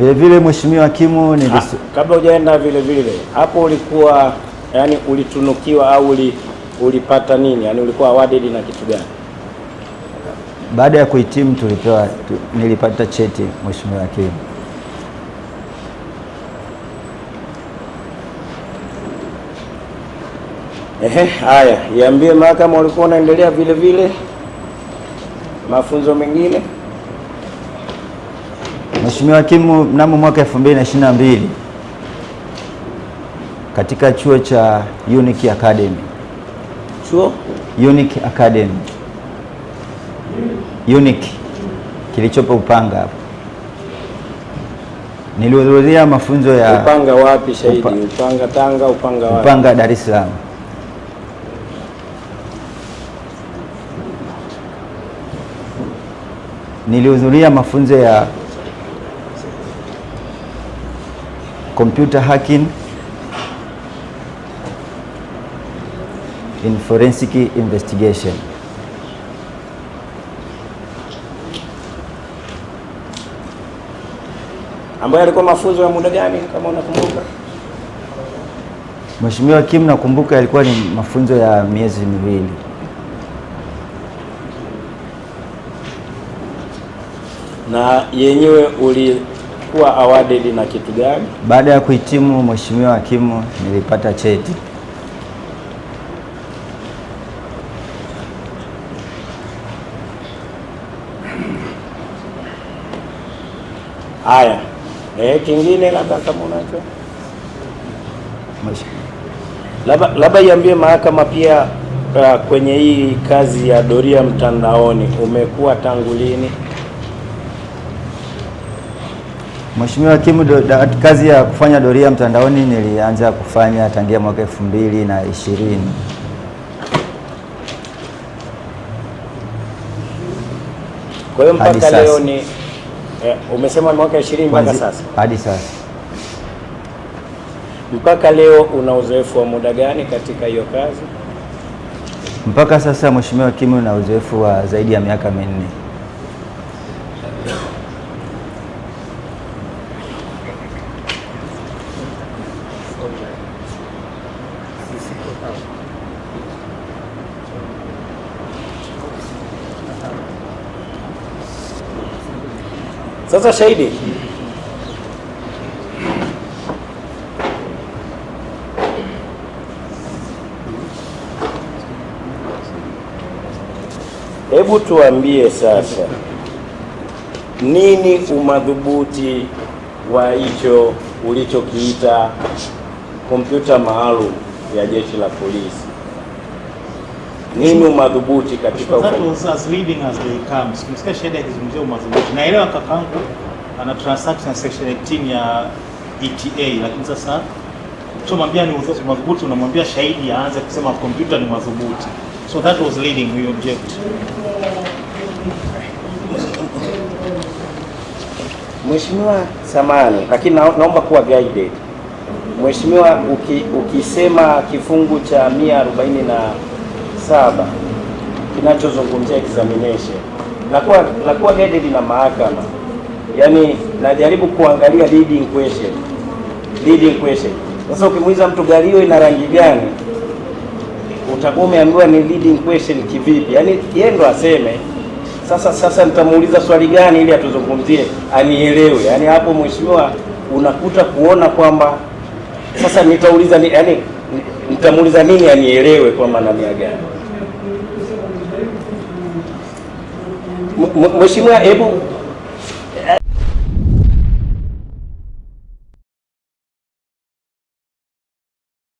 Vilevile mheshimiwa hakimu ni ha, ah, kabla hujaenda vile vile hapo ulikuwa yani ulitunukiwa au ulipata nini? Yani ulikuwa awarded na kitu gani? Baada ya kuhitimu tulipewa tu, nilipata cheti mheshimiwa hakimu. Ehe, haya, iambie mahakama ulikuwa unaendelea vile vile mafunzo mengine Mheshimiwa Hakimu, mnamo mwaka 2022 katika chuo cha Unique Academy, chuo Unique Academy Unique kilichopo Upanga hapo, nilihudhuria mafunzo ya Upanga wapi shahidi? Upa... Upanga Tanga, Upanga wapi? Upanga Dar es Salaam. Nilihudhuria mafunzo ya computer hacking in forensic investigation. Ambayo yalikuwa mafunzo ya muda gani kama unakumbuka? Mheshimiwa Kim, nakumbuka yalikuwa ni mafunzo ya miezi miwili. Na yenyewe uli kuwa awarded na kitu gani? Baada ya kuhitimu, Mheshimiwa Hakimu, nilipata cheti Haya, e, kingine labda kama unacho labda labda iambie mahakama pia, uh, kwenye hii kazi ya doria mtandaoni umekuwa tangu lini? Mheshimiwa Hakimu, kazi ya kufanya doria mtandaoni nilianza kufanya tangia mwaka elfu mbili na ishirini kwa hiyo mpaka leo ni eh, umesema mwaka ishirini mpaka sasa hadi sasa. Mpaka leo una uzoefu wa muda gani katika hiyo kazi? Mpaka sasa Mheshimiwa Hakimu, na uzoefu wa zaidi ya miaka minne. Sasa shahidi Hebu tuambie sasa, nini umadhubuti wa hicho ulichokiita kompyuta maalum? ya jeshi la polisi. Nini umadhubuti katika umadhubuti? Naelewa kakangu ana transaction na section 18 ya ETA, lakini sasa chomwambia ni madhubuti, unamwambia shahidi aanze kusema kompyuta ni madhubuti. So that was leading, we object. Mheshimiwa samani, lakini naomba kuwa guided Mheshimiwa, uki, ukisema kifungu cha 147 kinachozungumzia examination nakuwa nakuwa headed na mahakama, yaani najaribu kuangalia leading question, leading question. Sasa ukimuuliza mtu gari hiyo ina rangi gani, utakuwa umeambiwa ni leading question kivipi? Yaani yeye ndo aseme sasa. Sasa nitamuuliza swali gani ili atuzungumzie anielewe? Yaani hapo mheshimiwa, unakuta kuona kwamba sasa nitauliza ni, yani nitamuuliza nini anielewe maana ya gani? Mheshimiwa, hebu